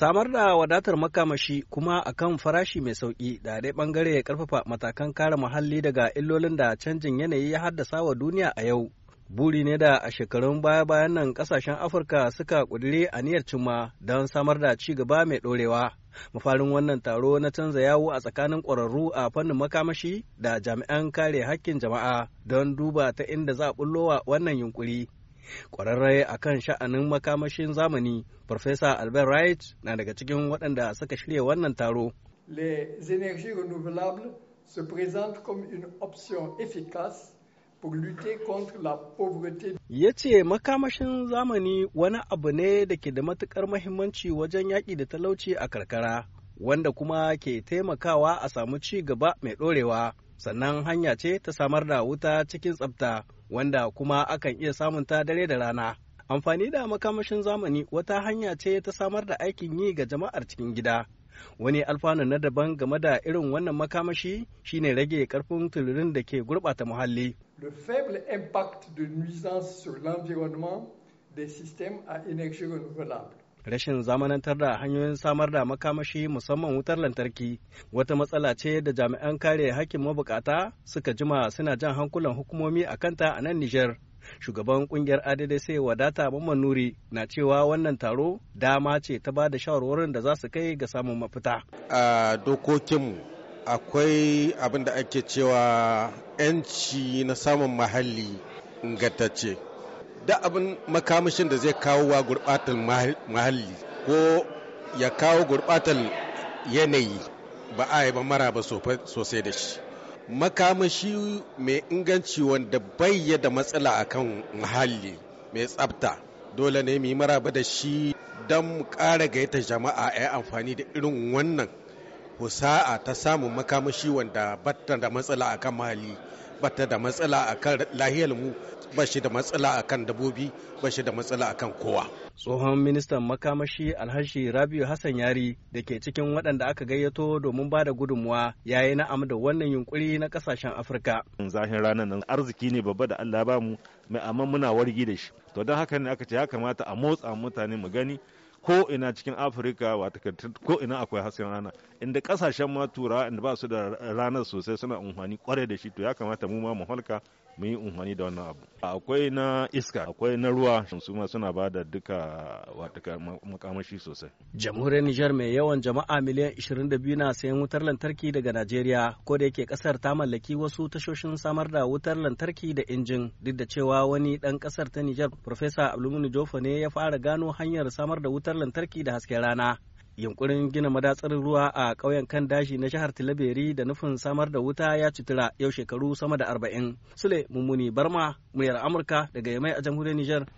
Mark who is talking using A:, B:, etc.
A: samar da wadatar makamashi kuma a kan farashi mai sauƙi da dai ɓangare ya ƙarfafa matakan kare muhalli daga illolin da canjin yanayi ya haddasa wa duniya a yau buri ne da a shekarun baya-bayan nan ƙasashen afirka suka ƙudire aniyar cimma don samar da ci gaba mai ɗorewa mafarin wannan taro na canza yawo a tsakanin ƙwararru a fannin makamashi da jami'an kare hakkin jama'a don duba ta inda za a bullowa wannan yunkuri Ƙwararre a kan sha'anin makamashin zamani, Farfesa Albert Wright na daga cikin waɗanda suka shirya wannan taro.
B: Les énergies renouvelables se présentent comme une option efficace pour lutter contre la pauvreté.
A: Ya ce makamashin zamani wani abu ne da ke da matuƙar mahimmanci wajen yaƙi da talauci a karkara, wanda kuma ke taimakawa a samu ci gaba mai ɗorewa, sannan hanya ce ta samar da wuta cikin tsafta. wanda kuma akan iya samun ta dare da rana. Amfani da makamashin zamani wata hanya ce ta samar da aikin yi ga jama'ar cikin gida. Wani alfanu na daban game da irin wannan makamashi shine rage karfin tururin da ke gurɓata muhalli.
B: Le faible impact de nuisance sur l'environnement des systèmes à énergie renouvelable.
A: rashin zamanantar da hanyoyin samar da makamashi musamman wutar lantarki wata matsala ce da jami'an kare hakkin mabukata suka jima suna jan hankulan hukumomi a kanta a nan Nijar. Shugaban kungiyar sai wadata Mamman Nuri na cewa wannan taro dama ce ta ba da shawarwarin da za su kai ga samun mafita.
C: A dokokinmu akwai abin da ake cewa 'yanci na samun mahalli ingantacce. duk abin makamashin da zai kawo wa gurbatar muhalli ko ya kawo gurbatar yanayi ba a yi ba mara ba sosai da shi makamashi mai inganci wanda bayya da matsala akan muhalli mai tsabta dole ne mu yi maraba da shi don mu ƙara gaita jama'a a amfani da irin wannan husa'a ta samun makamashi wanda batta da matsala akan muhalli bata da matsala a kan mu ba shi da matsala a
A: kan dabobi ba shi da matsala a kan kowa tsohon ministan makamashi alhashi rabiu hassan yari da ke cikin waɗanda aka gayyato domin ba da gudunmuwa ya yi na'am da wannan yunkuri na kasashen afirka zahin ranar nan arziki ne babba da allah ba mu mai amma muna
D: wargi da shi to don haka ne aka ce ya kamata a motsa mutane mu gani ko ina cikin afirka wata ko ina akwai hasken rana inda kasashen ma tura inda ba su da ranar sosai suna unhwani kwarai da shi to ya kamata mu ma mu halka mu yi unhwani da wannan abu akwai na iska akwai na ruwa su ma suna ba da duka wata makamashi sosai
A: jamhuriyar nijar mai yawan jama'a miliyan 22 na sayan wutar lantarki daga najeriya ko da yake kasar ta mallaki wasu tashoshin samar da wutar lantarki da injin duk da cewa wani dan kasar ta nijar profesa abdulmuni jofa ne ya fara gano hanyar samar da wutar wutar lantarki da hasken rana yunkurin gina madatsar ruwa a ƙauyen kan dashi na jihar tilaberi da nufin samar da wuta ya cutura, yau shekaru sama da arba'in sule mummuni barma muryar amurka daga yamai a jamhuriyar Nijar.